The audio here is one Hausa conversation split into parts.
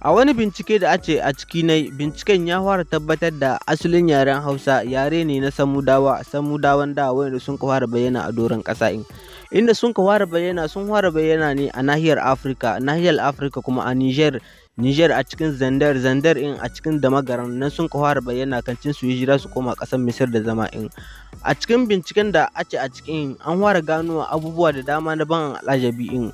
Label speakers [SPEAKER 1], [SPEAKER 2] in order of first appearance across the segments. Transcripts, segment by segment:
[SPEAKER 1] A wani bincike da ace a ciki nai, binciken ya fara tabbatar da asalin yaren Hausa yare ne na Samudawa, Samudawan da wanda sun fara bayyana a doron ƙasa in. Inda sun fara bayyana sun fara bayyana ne a nahiyar Afirka, nahiyar Afirka kuma a Niger, Niger a cikin Zandar, Zandar in a cikin Damagaran nan sun fara bayyana kancin su jira su koma ƙasar Misir da zama in. A cikin binciken da ake a cikin an fara gano abubuwa da dama na ban al'ajabi in.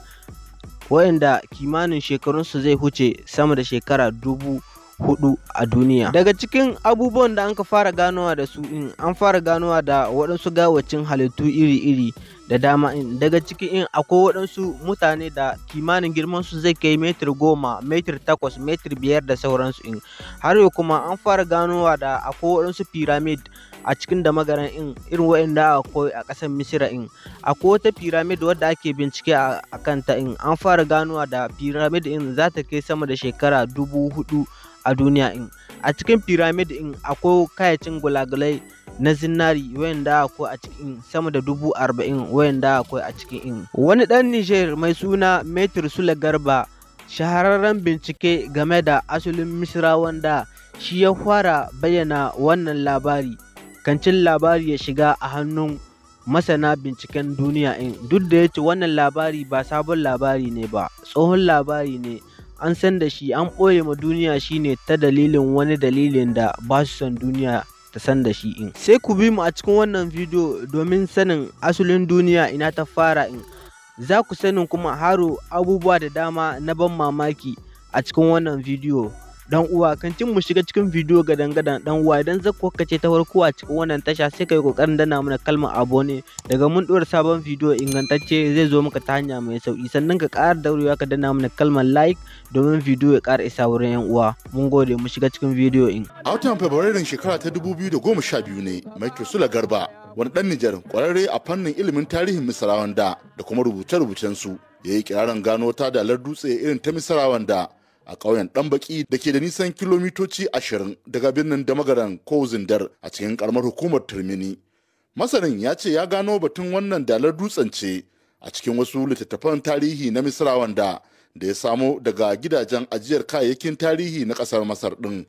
[SPEAKER 1] waɗanda kimanin shekarunsu zai huce sama da shekara dubu hudu a duniya. Daga cikin abubuwan da anka fara ganowa da su in an fara ganowa da waɗansu gawacin halittu iri-iri da dama in daga cikin in akwai waɗansu mutane da kimanin girmansu zai kai metri goma metri takwas metri biyar da sauransu in har yau kuma an fara ganowa da akwai waɗansu pyramid a cikin da magaran in irin waɗanda aka koyi a ƙasar misira in akwai wata firamid wadda ake bincike a kanta in an fara ganowa da firamid in za ta kai sama da shekara dubu hudu a duniya in a cikin firamid in akwai kayacin gulagulai na zinari wayanda akwai a cikin sama da dubu arba'in wayanda akwai a cikin in wani dan niger mai suna Metir sule garba shahararren bincike game da asalin Misira wanda shi ya fara bayyana wannan labari kancin labari ya shiga a hannun masana binciken duniya in duk da yace wannan labari ba sabon labari ne ba tsohon labari ne an san da shi an ɓoye ma duniya shine ta dalilin wani dalilin da ba su son duniya ta san da shi in sai ku bi mu a cikin wannan bidiyo domin sanin asalin duniya ina ta fara in za ku sanin kuma haro abubuwa da dama na ban mamaki a cikin wannan bidiyo dan uwa kan cin mu shiga cikin bidiyo ga dangadan dan uwa idan zakko ce ta farko a cikin wannan tasha sai kai kokarin dana mana kalmar abone daga mun dora sabon bidiyo ingantacce zai zo maka ta hanya mai sauki sannan ka ƙara daurewa ka dana mana kalmar like domin bidiyo ya ƙara isa wurin yan uwa mun gode mu shiga cikin bidiyo in
[SPEAKER 2] a watan fabrairun shekara ta 2012 ne mai Sula Garba wani dan Nijar kwararre a fannin ilimin tarihin Misrawan da da kuma rubuce-rubucen su yayi kiraran gano ta dalar dutse irin ta Misrawan da a ƙauyen ɗanbaki da ke da nisan kilomitoci ashirin daga birnin damagaran ko zindar a cikin ƙaramar hukumar turmini masanin ya ce ya gano batun wannan dalar dutsen ce a cikin wasu littattafan tarihi na misra wanda da ya samo daga gidajen ajiyar kayayyakin tarihi na ƙasar masar ɗin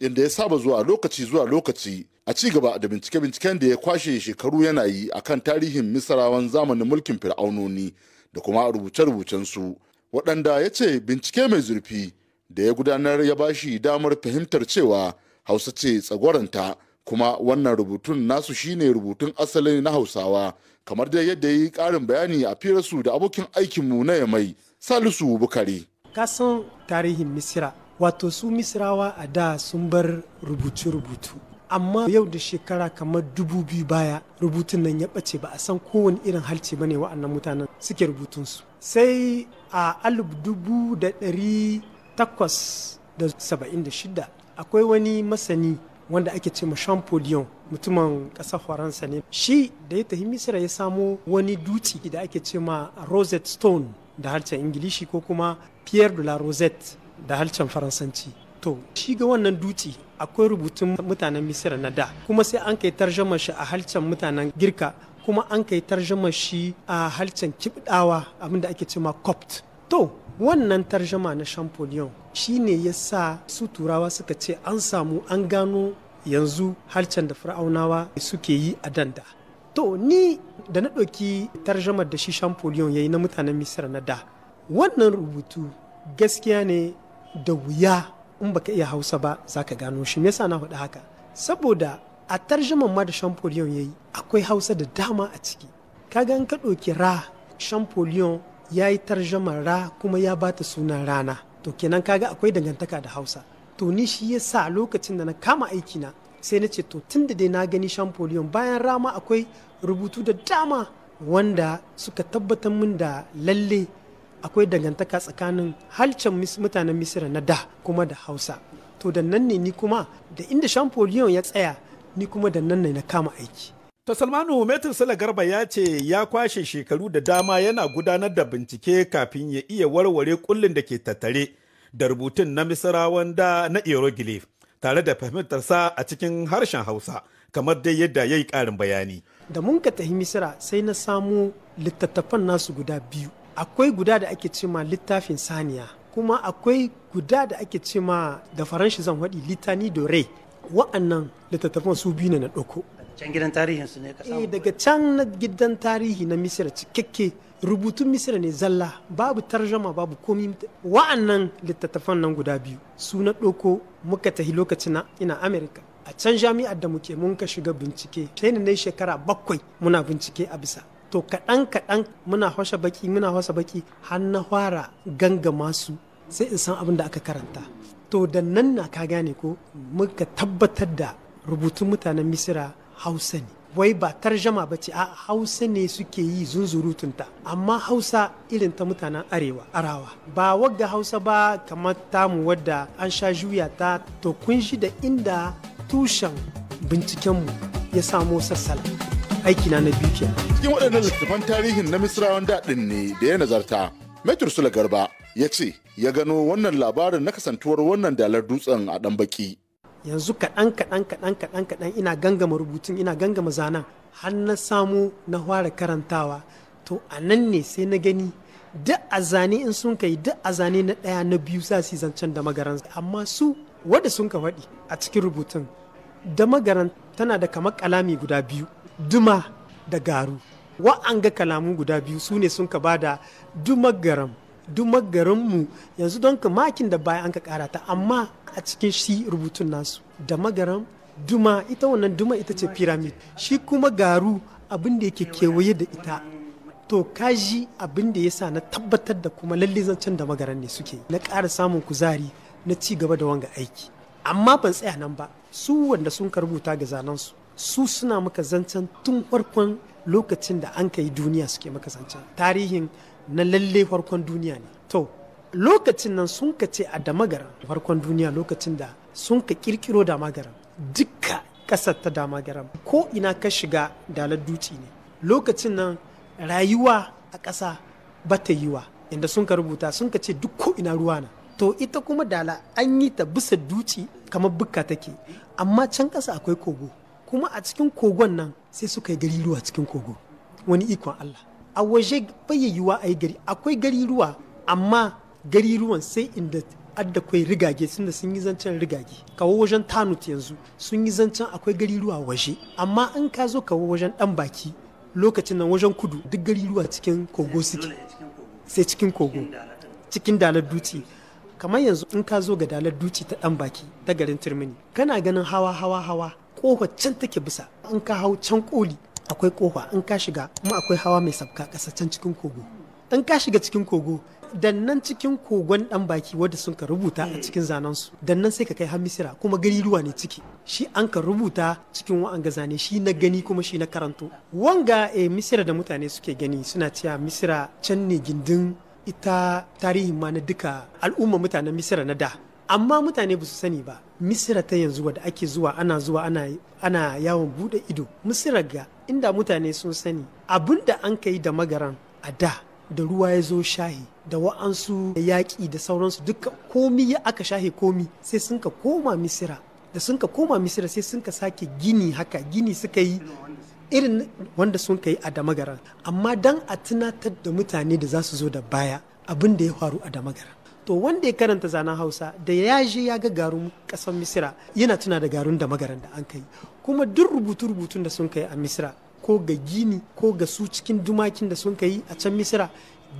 [SPEAKER 2] inda ya saba zuwa lokaci zuwa lokaci a ci gaba da bincike-binciken da ya kwashe shekaru yana yi a kan tarihin misrawan zamanin mulkin fir'aunoni da kuma rubuce-rubucensu waɗanda ya ce bincike mai zurfi da ya gudanar ya bashi damar fahimtar cewa hausa ce tsagwaranta kuma wannan rubutun nasu shine rubutun asali na hausawa kamar dai yadda yi karin bayani a firarsu da abokin aikinmu na ya mai salisu bukari
[SPEAKER 3] kasan tarihin misira wato su misirawa a da sun bar rubutu rubutu amma yau da shekara kamar dubu biyu baya rubutun nan ya ɓace ba a san kowane irin halce ba ne wa'annan mutanen suke rubutunsu sai a alif dubu da ɗari takwas da saba'in da shida akwai wani masani wanda ake ce Jean Polion mutumin ƙasar Faransa ne shi da ya tafi Misira ya samo wani dutse da ake ce ma Rosette Stone da harshen Ingilishi ko kuma Pierre de la Rosette da harshen Faransanci to shi ga wannan dutse akwai rubutun mutanen Misira na da kuma sai an kai tarjamar shi a harshen mutanen Girka kuma an kai tarjamar shi a harshen Kibdawa abinda ake ce ma Copt to wannan tarjama na champollion ne ya sa su turawa suka ce an samu an gano yanzu harcen da fir'aunawa suke yi a danda to ni da na ɗauki tarjamar da shi champollion ya yi na mutanen misir na da wannan rubutu gaskiya ne da wuya in baka iya hausa ba za ka gano shi me yasa na faɗi haka saboda a tarjaman ma da champollion ya yi akwai hausa da dama a ciki kaga in ka ɗauki ra champollion ya yi tarjamar ra kuma ya ba ta suna rana to kenan kaga akwai dangantaka da hausa to ni shi ya sa lokacin da na kama aikina sai na ce to tun da dai na gani shampoliyon bayan rama akwai rubutu da dama wanda suka tabbatar min da lalle akwai dangantaka tsakanin halcin mutanen misira na da kuma da hausa to da nan ne ni kuma da inda shampoliyon ya tsaya ni kuma da nan ne na kama aiki
[SPEAKER 4] ta Salmanu Metin Sala Garba ya ce ya kwashe shekaru da dama yana gudanar da bincike kafin ya iya warware kullin da ke tattare da rubutun na Misrawan wanda na Hieroglyph tare da fahimtarsa a cikin harshen Hausa kamar dai yadda ya yi karin bayani.
[SPEAKER 3] Da mun ka tafi Misra sai na samu littattafan nasu guda biyu. Akwai guda da ake ma littafin saniya kuma akwai guda da ake cema da faranshi zan waɗi litani do rei wa'annan littattafan su biyu ne na ɗauko. can gidan tarihin ne ka eh, daga can na gidan tarihi na misira cikakke rubutun misira ne zalla babu tarjama babu komi wa'annan littattafan nan guda biyu su na ɗoko muka tahi lokacin na ina amerika a can jami'ar da muke mun ka shiga bincike sai na shekara bakwai muna bincike a bisa to kaɗan kaɗan muna hosha baki muna hosha baki har na fara gangama su sai in san abin da aka karanta to da nan na ka gane ko muka tabbatar da rubutun mutanen misira hausa ne wai ba tarjama ba ce a hausa ne suke yi zunzurutunta amma hausa irin ta mutanen arewa arawa ba wagga hausa ba kamar tamu wadda an sha juya ta to kun shi da inda tushen bincikenmu ya samo sassala aikina na biyu cikin
[SPEAKER 2] waɗannan littattafan tarihin na misrawan daɗin ne da ya nazarta metro sula garba ya ce ya gano wannan labarin na kasantuwar wannan dalar dutsen a ɗan baki
[SPEAKER 3] yanzu kaɗan kaɗan kaɗan kaɗan kaɗan ina gangama rubutun ina gangama zanen har na samu na fara karantawa to a nan ne sai na gani duk a zane in sun kai duk a zane na ɗaya na biyu za su zancen da magaran amma su wanda sun ka faɗi a cikin rubutun da magaran tana da kamar kalami guda biyu duma da garu ga kalamu guda biyu su ne sun ka ba duma dumagaram duk mu yanzu don ka makin da baya an ka kara ta amma a cikin shi rubutun nasu da magaran duma ita wannan duma ita ce pyramid shi kuma garu abin da yake kewaye da ita to kaji abin da ya sa na tabbatar da kuma lalle zancen da magaran ne suke na ƙara samun kuzari na ci gaba da wanga aiki amma ban tsaya nan ba su wanda sun ka rubuta ga zanensu su suna maka zancen tun farkon lokacin da an ka yi duniya suke maka zancen tarihin na lalle farkon duniya ne to lokacin nan sun ka ce a damagaran farkon duniya lokacin da sun ka kirkiro damagaran dukka kasar ta damagaran ko ina ka shiga dalar duci ne lokacin nan rayuwa a ƙasa ba ta yiwa inda sun ka rubuta sun ka ce duk ko ina ruwa na to ita kuma dala an yi ta bisa duci kamar bukka take amma can ƙasa akwai kogo kuma a cikin kogon nan sai suka yi gari ruwa cikin kogo wani ikon Allah a waje bai yiwuwa a yi gari akwai gari ruwa amma gari ruwan sai inda adda kwai rigage sun da sun yi zancen rigage kawo wajen tanut yanzu sun yi zancen akwai gari ruwa waje amma in ka zo kawo wajen dan baki lokacin nan wajen kudu duk gari ruwa cikin kogo suke sai cikin kogo cikin dalar duci kamar yanzu in ka zo ga dalar duci ta dan baki ta garin turmini kana ganin hawa hawa hawa kofar can take bisa in ka hau can koli akwai kofa in ka shiga kuma akwai hawa mai sabka can cikin kogo in ka shiga cikin kogo nan cikin kogon dan baki wanda sun ka rubuta a cikin zanen su nan sai ka kai har misira kuma gari ruwa ne ciki shi an ka rubuta cikin wa'anga zane shi na gani kuma shi na karanto wanga e misira da mutane suke gani suna cewa misira can ne gindin ita tarihin ma na duka al'umma mutanen misira na da amma mutane ba su sani ba misira ta yanzu wadda ake zuwa ana zuwa ana ana yawon bude ido musiraga inda mutane sun sani abin da an ka yi da magaran a da da ruwa ya zo shahi da wa'ansu da yaƙi da sauransu duka komi ya aka shahi komi sai sun ka koma misira da sun ka koma misira sai sun ka sake gini haka gini suka yi irin wanda sun ka yi a damagaran amma dan a tunatar da mutane da za su zo da baya abin da ya faru a damagaran to wanda ya karanta zanen hausa da ya je ya ga garun ƙasar misira yana tuna da garun da magaran da an kai kuma duk rubutu-rubutun da sun kai a misira ko ga gini ko ga su cikin dumakin da sun kai a can misira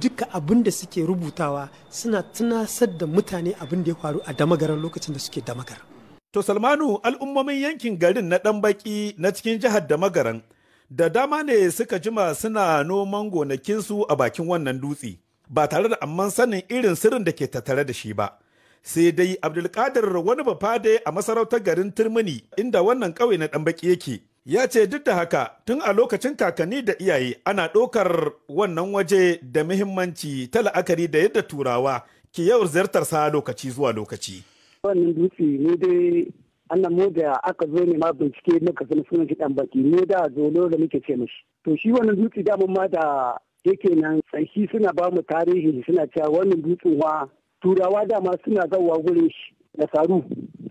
[SPEAKER 3] duka abin da suke rubutawa suna tunasar da mutane abin da ya faru a damagaran lokacin da suke damagar. To Salmanu al'ummomin yankin garin na ɗan
[SPEAKER 4] baki na cikin jihar damagaran da dama ne suka jima suna noman gonakinsu a bakin wannan dutse. ba tare da amman sanin irin sirrin da ke tattare da shi ba sai dai abdulkadir wani bafade a masarautar garin turmini inda wannan ƙauye na ɗan baki yake ya ce duk da haka tun a lokacin kakanni da iyaye ana ɗaukar wannan waje da muhimmanci ta la'akari da yadda turawa ke yawar ziyartar sa lokaci zuwa lokaci
[SPEAKER 5] wannan dutse ne dai annan mu da aka zo ne ma bincike muka sani sunan shi dan baki ne da zolo da muke ce mishi to shi wannan dutse da ma da yake nan tsaki suna ba mu tarihi suna cewa wannan dutsen wa turawa dama suna zawa gurin shi da saru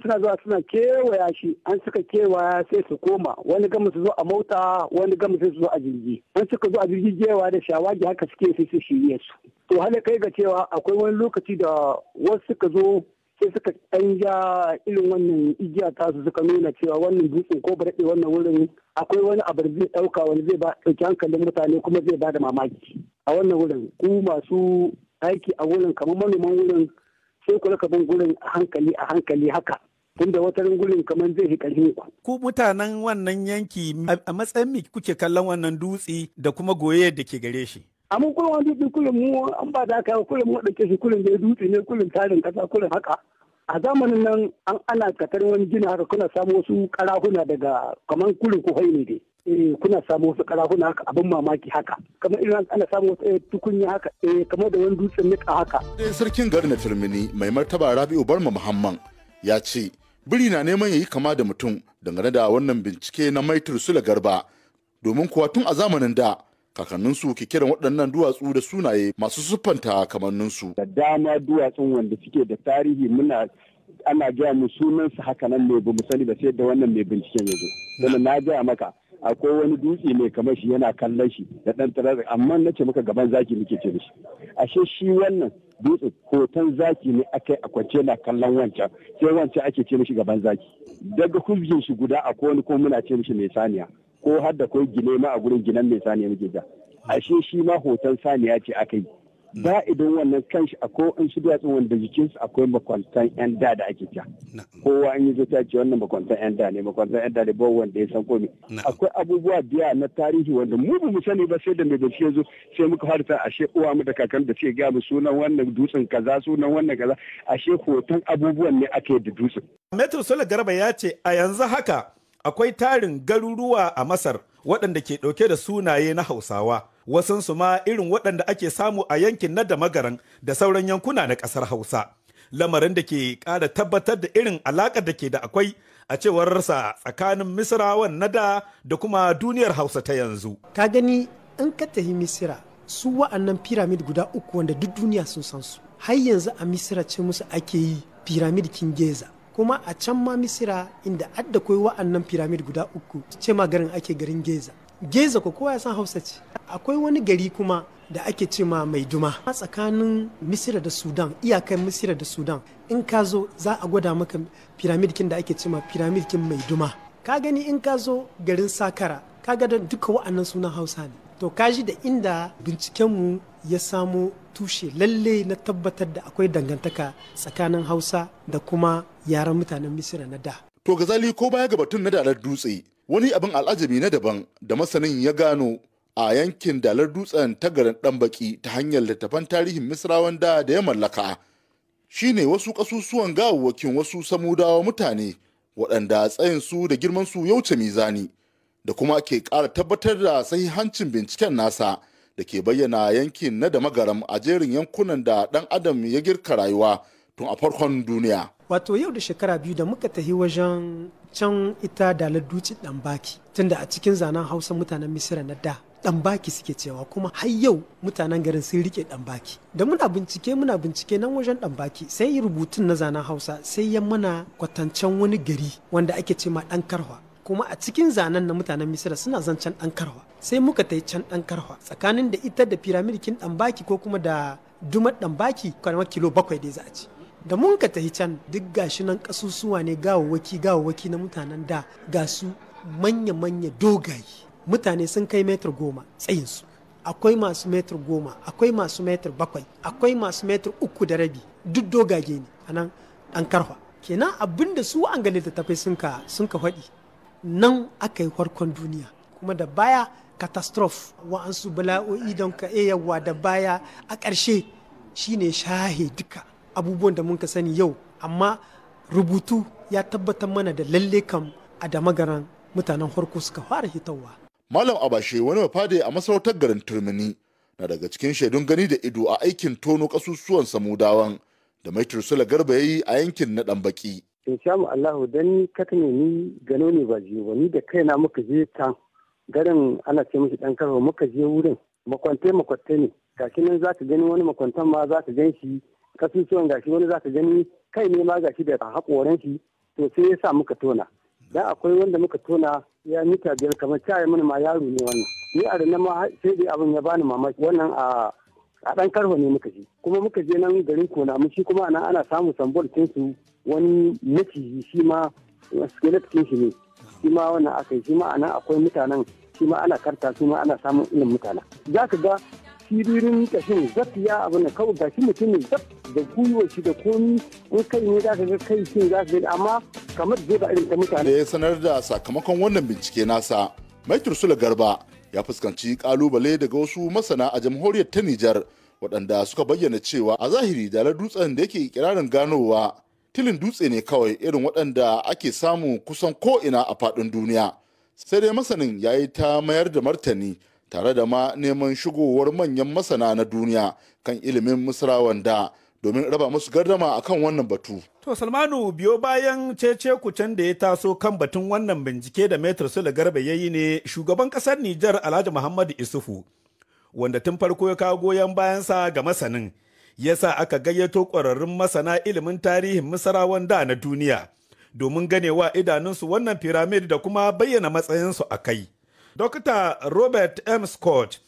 [SPEAKER 5] suna zuwa suna kewaya shi an suka kewaya sai su koma wani gama su zo a mota wani gama sai su zo a jirgi an suka zo a jirgi gewa da shawagi haka suke sai su shirye su to hala kai ga cewa akwai wani lokaci da wasu suka zo sai suka canja irin wannan igiya ta su suka nuna cewa wannan dutsen ko barɗe wannan wurin akwai wani abu da zai ɗauka wani zai ba ɗauki hankalin mutane kuma zai ba da mamaki a wannan wurin ku masu aiki a wurin kamar manoman wurin sai ku rika bin gurin a hankali a hankali haka tunda wata gurin kamar zai fi ku. Ku mutanen
[SPEAKER 4] wannan yanki a matsayin kuke kallon wannan dutse da kuma goye da ke gare shi.
[SPEAKER 5] amma kullum wani dubi kullum mu an ba da kai kullum mu dauke shi kullum da dutse ne kullum tarin kasa kullum haka a zamanin nan an ana katar wani gina haka kuna samu wasu karahuna daga kaman kullum ko ne dai eh, kuna samu wasu karahuna haka abin mamaki haka kamar irin ana samu wasu eh, tukunya haka eh, kamar da wani dutsen nika haka
[SPEAKER 2] sarkin garin na mai martaba rabi'u barma Muhammad ya ce biri na neman ya yi kama da mutum dangane da wannan bincike na maitur sula garba domin kuwa tun a zamanin da kakanninsu ke kiran waɗannan duwatsu da sunaye masu siffanta kamanninsu. Da
[SPEAKER 5] dama duwatsun wanda suke da tarihi muna ana gaya mu sunansu hakanan ne ba mu sani ba sai da wannan mai binciken ya zo. Dana na gaya maka akwai wani dutse mai kamar shi yana kallon shi da ɗan tarar amma na ce maka gaban zaki muke ce da shi. Ashe shi wannan dutse hoton zaki ne aka yi a kwance na kallon wancan sai wancan ake ce mishi gaban zaki. Daga kuzgin shi guda akwai wani ko muna ce mishi mai saniya. ko har da kai gine ma a gurin ginen mai saniya muke da ashe shi ma hoton saniya ce aka yi ba idan wannan kanshi akwai in shi duwatsun wanda jikinsu akwai makwantan yan da da ake ta kowa an yi zuta ce wannan makwantan yan da ne makwantan yan da ne ba wanda ya san komai akwai abubuwa biya na tarihi wanda mu ba mu sani ba sai da mai bincike zo sai muka harta ashe uwa mu da kakan da suke gaya mu sunan wannan dutsen kaza sunan wannan kaza ashe hoton abubuwan ne ake da dutsen. Metro sola Garba ya ce a yanzu haka akwai
[SPEAKER 4] tarin garuruwa a Masar waɗanda ke ɗauke da sunaye na Hausawa. Wasansu ma irin waɗanda ake samu a yankin na Damagaran da sauran yankuna na ƙasar Hausa. Lamarin da ke ƙara tabbatar da irin alaƙar da ke da akwai a cewar rasa tsakanin Misrawan na da da kuma duniyar Hausa ta yanzu.
[SPEAKER 3] Ka gani in ka tafi Misira su wa'annan piramid guda uku wanda duk duniya sun san su. Har yanzu a Misira ce musu ake yi piramid geza kuma a can ma misira inda adda koi wa'annan firamid guda uku ce ma garin ake garin geza geza ko kowa ya san hausa ce akwai wani gari kuma da ake ce ma mai duma tsakanin misira da sudan iyakan misira da sudan in ka zo za a gwada maka kin da ake ce ma kin mai duma ka gani in ka zo garin sakara ka ga duka wa'annan sunan hausa ne to kaji da inda bincikenmu ya samo tushe lalle na tabbatar da akwai dangantaka tsakanin hausa da kuma yaran mutanen misira na da
[SPEAKER 2] to gazali ko baya ga batun na dalar dutse wani abin al'ajabi na daban da masanin ya gano a yankin dalar dutsen ta garin dan baki ta hanyar littafan tarihin misrawan da da ya mallaka shine wasu kasusuwan gawawwakin wasu samudawa mutane waɗanda tsayin su da girman su ya wuce mizani da kuma ke ƙara tabbatar da sahihancin binciken nasa da ke bayyana yankin na da magaram a jerin yankunan da ɗan adam ya girka rayuwa tun a farkon duniya.
[SPEAKER 3] Wato yau da shekara biyu da muka tahi wajen can ita dalar dutse ɗan tunda a cikin zanen hausa mutanen misira na da dan baki suke cewa kuma har yau mutanen garin sun rike dan da muna bincike muna bincike nan wajen dan baki sai rubutun na zanen hausa sai ya mana kwatancen wani gari wanda ake ce ma dan karwa kuma a cikin zanen na mutanen misira suna zan can dan karwa sai muka tai can dan karwa tsakanin da ita da piramidikin dan baki ko kuma da dumar dan baki kilo bakwai dai za a ci da mun ka tahi can duk gashi nan kasusuwa ne gawawaki gawawaki na mutanen da ga su manya-manya dogaye mutane sun kai metar goma tsayinsu akwai masu metar goma akwai masu metar bakwai akwai masu metar uku da rabi duk dogage ne a nan ɗan karfa kenan abinda su an ga littattafai sun ka faɗi nan aka yi farkon duniya kuma da baya catastrophe wa'ansu bala'o'i don ka yawa da baya a ƙarshe shine shahe duka abubuwan da mun ka sani yau amma rubutu ya tabbatar mana da lalle kam a da magaran mutanen harko suka fara hitowa.
[SPEAKER 2] malam abashe wani mafade a masarautar garin turmini na daga cikin shaidun gani da ido a aikin tono kasusuwan samudawan da mai tursula garba ya yi a yankin na ɗan
[SPEAKER 5] in sha mu Allahu dan katane ni gano ne ba jiyo ba ni da kaina muka je can garin ana ce mishi dan karo muka je wurin makwante-makwante ne gashi nan zaka gani wani makwantan ma zaka gan shi kasusuwan shi wani zaka gani kai ne ma gashi da haƙoran shi to sai ya sa muka tona dan akwai wanda muka tona ya mita biyar kamar cewa mana ma yaro ne wannan ni a ranar ma sai dai abin ya bani mamaki wannan a a ɗan karho ne muka je kuma muka je nan garin kona mu shi kuma ana ana samun sambol su wani maciji shi ma skeleton shi ne shi ma wannan aka yi shi ma ana akwai mutanen shi ma ana karta su ma ana samun irin mutanen za ka ga siririn kashin zaf ya abu na kawai gashi mutumin zaf da gwiwa shi da komi in kai ne za ka ga kai shi za ka ga amma kamar zai ba irin ta mutane. da ya sanar da sakamakon wannan
[SPEAKER 2] bincike nasa maitur sula garba ya fuskanci kalubale daga wasu masana a jamhuriyar ta Nijar waɗanda suka bayyana cewa a zahiri dalar dutsen da yake kirarin ganowa tilin dutse ne kawai irin waɗanda ake samu kusan ko'ina a faɗin duniya sai dai masanin ya yi ta mayar da martani tare da ma neman shigowar manyan masana na duniya kan ilimin musrawanda. da domin raba musu gardama akan wannan batu.
[SPEAKER 4] To Salmanu biyo bayan cece kucen da ya taso kan batun wannan bincike da Metro sula Garba ya yi ne shugaban kasar Nijar Alhaji Muhammadu Isufu wanda tun farko ya kawo goyon bayansa ga masanin ya sa aka gayyato ƙwararrun masana ilimin tarihin masarawan da na duniya domin ganewa idanunsu wannan firamid da kuma bayyana matsayinsu a kai. Dokta Robert M. Scott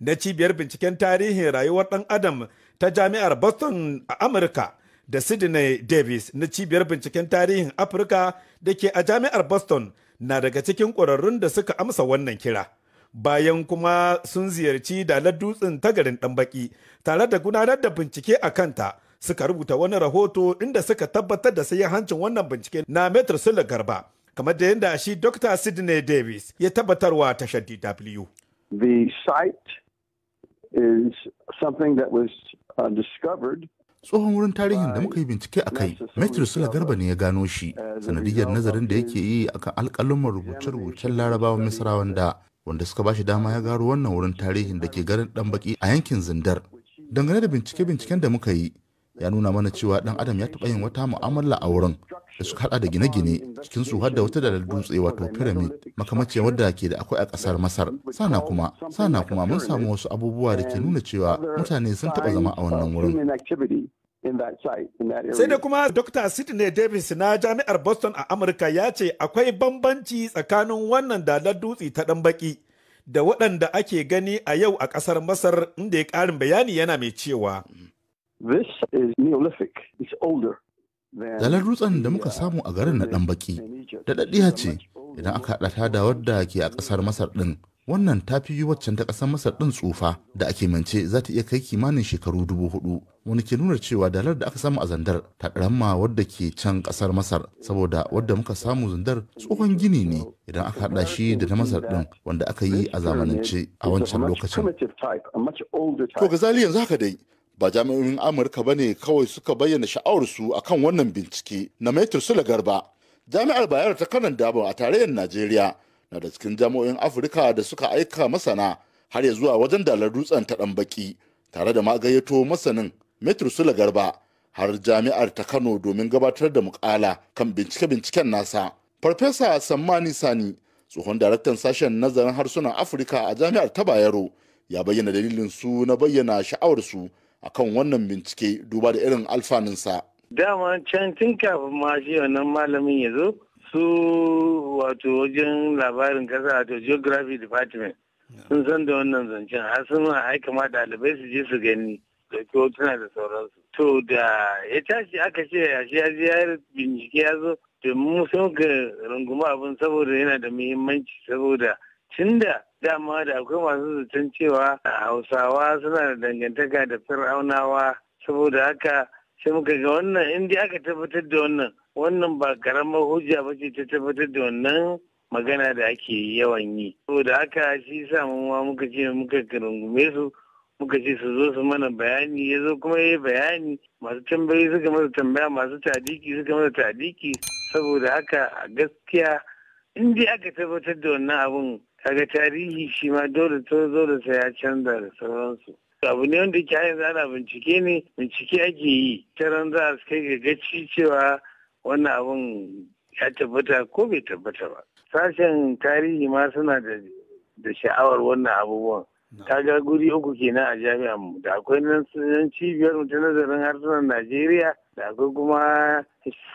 [SPEAKER 4] na cibiyar binciken tarihin rayuwar ɗan adam ta jami'ar Boston a Amurka da Sydney Davis na cibiyar binciken tarihin Afirka da ke a jami'ar Boston na daga cikin ƙwararrun da suka amsa wannan kira. Bayan kuma sun ziyarci dalar dutsen tagarin ɗan baki tare da gudanar da bincike a kanta. suka rubuta wani rahoto inda suka tabbatar da sai hancin wannan bincike na Metro Sula Garba kamar da yadda shi Dr. Sidney Davis ya tabbatarwa tashar DW. The site is
[SPEAKER 5] something that was Uh,
[SPEAKER 2] tsohon wurin tarihin da muka yi bincike a kai metro sula garba ne ya gano shi sanadiyar nazarin da yake yi a kan alƙalumar rubuce-rubucen larabawan misrawan da wanda suka ba shi dama ya gano wannan wurin tarihin da ke garin dan baki a yankin zindar dangane da bincike-binciken da muka yi ya nuna mana cewa ɗan adam ya taɓa yin wata mu'amala a wurin da suka hada da gine-gine cikin su har da wata da dutse wato pyramid makamaciyar wadda ke da akwai a kasar masar sana kuma sana kuma mun samu wasu abubuwa da ke nuna cewa mutane sun taba zama a wannan
[SPEAKER 5] wurin Sai da
[SPEAKER 2] kuma
[SPEAKER 4] Dr. Sidney Davis na Jami'ar Boston a Amurka ya ce akwai bambanci tsakanin wannan dalar dutse ta dan baki da waɗanda ake gani a yau a ƙasar Masar inda ya ƙarin bayani yana mai cewa. This is Neolithic, it's older.
[SPEAKER 6] Zalar
[SPEAKER 2] dutsen da muka samu a garin na ɗan baki, daɗaɗɗiya ce idan aka haɗa ta da wadda ke a ƙasar Masar ɗin. Wannan ta fi waccan ta ƙasar Masar ɗin tsufa da ake mance za ta iya kai kimanin shekaru dubu hudu. Wani ke nuna cewa dalar da aka samu a zandar ta ɗaramma wadda ke can ƙasar Masar saboda wadda muka samu zandar tsohon gini ne idan aka haɗa shi da na Masar ɗin wanda aka yi a zamanance a wancan lokacin. To ga zali yanzu haka dai ba jami'in amurka ba ne kawai suka bayyana sha'awarsu akan wannan bincike na metro sula garba jami'ar bayar ta kanan dabo a tarayyar najeriya na da cikin jami'o'in afirka da suka aika masana har ya zuwa wajen dalar dutsen ta dan baki tare da magayyato masanin metro sula garba har jami'ar ta kano domin gabatar da mukala kan bincike-binciken nasa farfesa sammani sani tsohon daraktan sashen nazarin harsunan afirka a jami'ar ta bayero ya bayyana dalilin su na bayyana sha'awar su a kan wannan bincike duba da irin alfanunsa.
[SPEAKER 6] Dama can tun kafin ma shi wannan malamin ya zo su wato wajen labarin kasa wato geography department sun san da wannan zancen har sun aika ma ɗalibai su je su gani da hotuna da sauransu. To da ya tashi aka ce ya shi ya ya bincike ya zo domin mu sun ka runguma abin saboda yana da muhimmanci saboda tunda dama da akwai masu zaton cewa hausawa suna da dangantaka da fir'aunawa saboda haka sai muka ga wannan inda aka tabbatar da wannan wannan ba karamar hujja ba ce ta tabbatar da wannan magana da ake yawan yi saboda haka shi sa ma muka ce muka karungume su muka ce su zo su mana bayani ya zo kuma ya yi bayani masu tambayi suka masa tambaya masu tadiki suka masa tadiki saboda haka a gaskiya in dai aka tabbatar da wannan abun kaga tarihi shi ma dole to dole sai ya canza da sauransu abu ne wanda ke yanzu ana bincike ne bincike ake yi taron za a kai ga gaci cewa wannan abun ya tabbata ko bai tabbata ba sashen tarihi ma suna da sha'awar wannan abubuwan kaga guri uku kenan a jami'an mu da akwai nan cibiyar mu ta nazarin harsunan najeriya da akwai kuma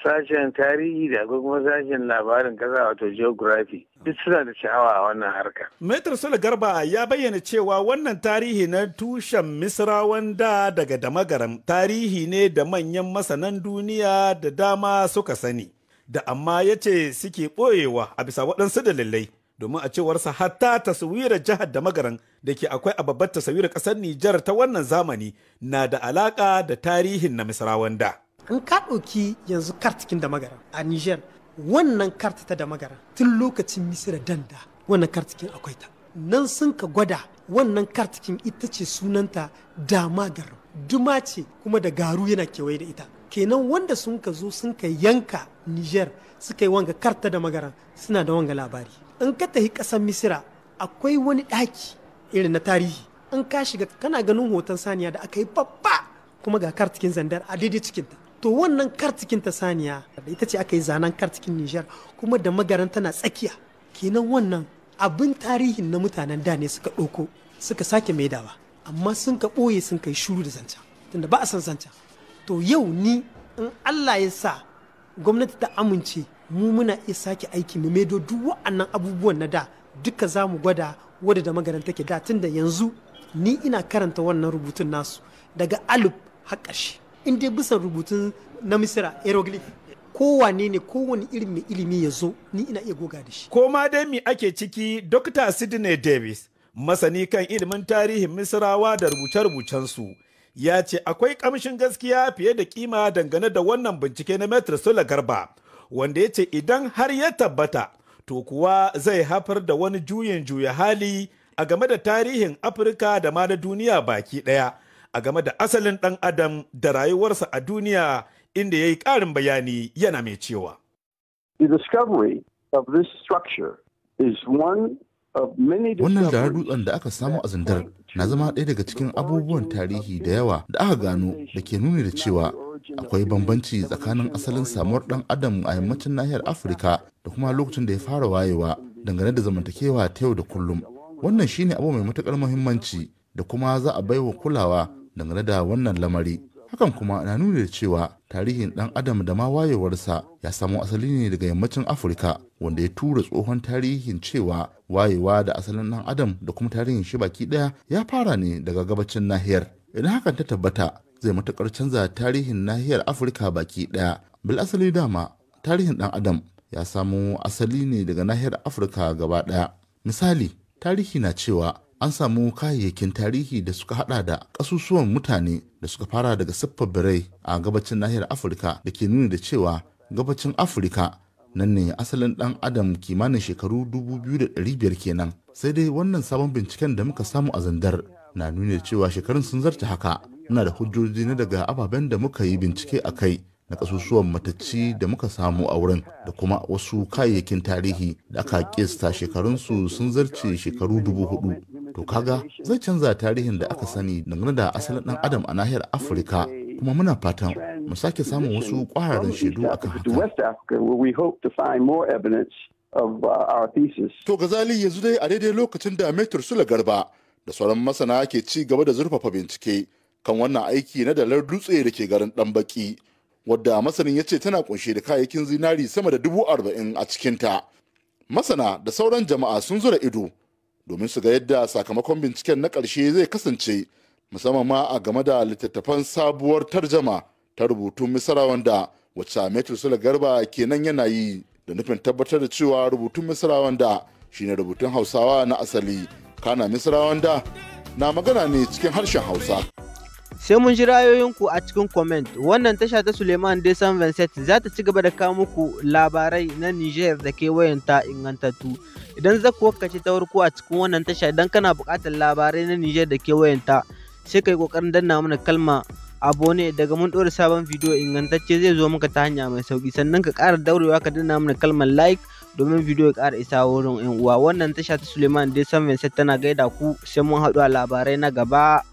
[SPEAKER 6] sashen tarihi da ga kuma sashen labarin kasa wato geography duk suna da sha'awa a wannan harka.
[SPEAKER 4] Maitar Sule Garba ya bayyana cewa wannan tarihi na tushen Misrawan da daga Damagaram tarihi ne da manyan masanan duniya da dama suka sani. Da amma ya ce suke ɓoyewa a bisa waɗansu dalilai. domin a cewarsa hatta taswirar jihar da da ke akwai a babbar taswirar ƙasar Nijar ta wannan zamani na da alaƙa da tarihin na Misrawan da.
[SPEAKER 3] in ka ɗauki yanzu kartikin da magara a niger wannan kart ta da magara tun lokacin misira danda wannan kartikin akwai ta nan sun ka gwada wannan kartikin ita ce sunanta dama magara duma ce kuma da garu yana kewaye da ita kenan wanda sun ka zo sun ka yanka niger suka yi wanga karta da magara suna da wanga labari in ka tafi ƙasar misira akwai wani ɗaki irin na tarihi in ka shiga kana ganin hoton saniya da aka yi babba kuma ga kartikin zandar a daidai cikinta to wannan karcikin ta saniya da ita ce aka yi zanen karcikin nijar kuma da magaran tana tsakiya kenan wannan abin tarihin na mutanen da ne suka ɗauko suka sake maidawa amma sun ka ɓoye sun kai shuru da zanca tunda ba a san zanca to yau ni in allah ya sa gwamnati ta amince mu muna iya sake aiki mu maido duk wa'annan abubuwan na da duka za mu gwada wadda da magaran take da tunda yanzu ni ina karanta wannan rubutun nasu daga alif har ƙarshe in dai bisa rubutun na misira aeroglyph kowane ne kowane irin mai ilimi ya zo ni ina iya goga da shi ko ma dai mi ake
[SPEAKER 4] ciki dr sidney davis masani kan ilimin tarihin misirawa da rubuce-rubucensu ya ce akwai kamshin gaskiya fiye da kima dangane da wannan bincike na metro sola garba wanda ya ce idan har ya tabbata to kuwa zai haifar da wani juyin juya hali a game da tarihin afirka da ma da duniya baki ɗaya a game da asalin ɗan adam da rayuwarsa a duniya inda ya yi ƙarin bayani yana mai cewa.
[SPEAKER 5] The discovery of structure is one Wannan da
[SPEAKER 2] dutsen da aka samu a zandar na zama ɗaya daga cikin abubuwan tarihi da yawa da aka gano da ke nuni da cewa akwai bambanci tsakanin asalin samuwar ɗan adam a yammacin nahiyar Afirka da kuma lokacin da ya fara wayewa dangane da zamantakewa ta yau da kullum. Wannan shine abu mai matuƙar muhimmanci da kuma za a baiwa kulawa dangane da wannan lamari hakan kuma na nuna da cewa tarihin dan adam da ma wayewarsa ya samo asali ne daga yammacin afirka wanda ya tura tsohon tarihin cewa wayewa da asalin dan adam da kuma tarihin shi baki daya ya fara ne daga gabacin nahiyar idan hakan ta tabbata zai matukar canza tarihin nahiyar afirka baki daya bil asali dama tarihin dan adam ya samo asali ne daga nahiyar afirka gaba daya misali tarihi na cewa an samu kayayyakin tarihi da suka hada da ƙasusuwan mutane da suka fara daga siffar birai a gabacin nahiyar afirka da ke nuni da cewa gabacin afirka nan ne asalin dan adam kimanin shekaru 2500 kenan sai dai wannan sabon binciken da muka samu a zandar na nuni cewa shekarun sun zarta haka muna da hujjoji na daga ababen da muka yi bincike a kai na kasusuwan matacci da muka samu a wurin da kuma wasu kayayyakin tarihi da aka kista shekarunsu sun zarce shekaru dubu hudu to kaga zai canza tarihin da aka sani dangane da asalin dan adam a nahiyar afirka kuma muna fatan mu sake samun wasu kwararan
[SPEAKER 5] shaidu akan haka to
[SPEAKER 2] gazali uh, yanzu dai a daidai lokacin da metur sula garba da sauran masana ke ci gaba da zurfafa bincike kan wannan aiki na dalar dutse da ke garin ɗan baki wadda masanin ya ce tana kunshe da kayayyakin zinari sama da dubu arba'in a cikinta masana da sauran jama'a sun zura ido domin su ga yadda sakamakon binciken na ƙarshe zai kasance musamman ma a game da littattafan sabuwar tarjama ta rubutun misra wanda wacce metro sula garba ke nan yana yi da nufin tabbatar da cewa rubutun misra wanda shine rubutun hausawa na asali kana misra wanda na magana ne cikin harshen hausa
[SPEAKER 1] Sai mun ji ra'ayoyinku a cikin comment. Wannan tasha ta Suleiman Desan Vincent za ta ci gaba da kawo muku labarai na Niger da kewayenta ingantattu. Idan za ku wakace ta warko a cikin wannan tasha idan kana buƙatar labarai na Niger da kewayenta sai kai kokarin danna mana kalma abone daga mun ɗora sabon bidiyo ingantacce zai zo maka ta hanya mai sauki sannan ka ƙara daurewa ka danna mana kalmar like domin bidiyo ya ƙara isa wurin 'yan uwa wannan tasha ta Suleiman Desan Vincent tana gaida ku sai mun haɗu a labarai na gaba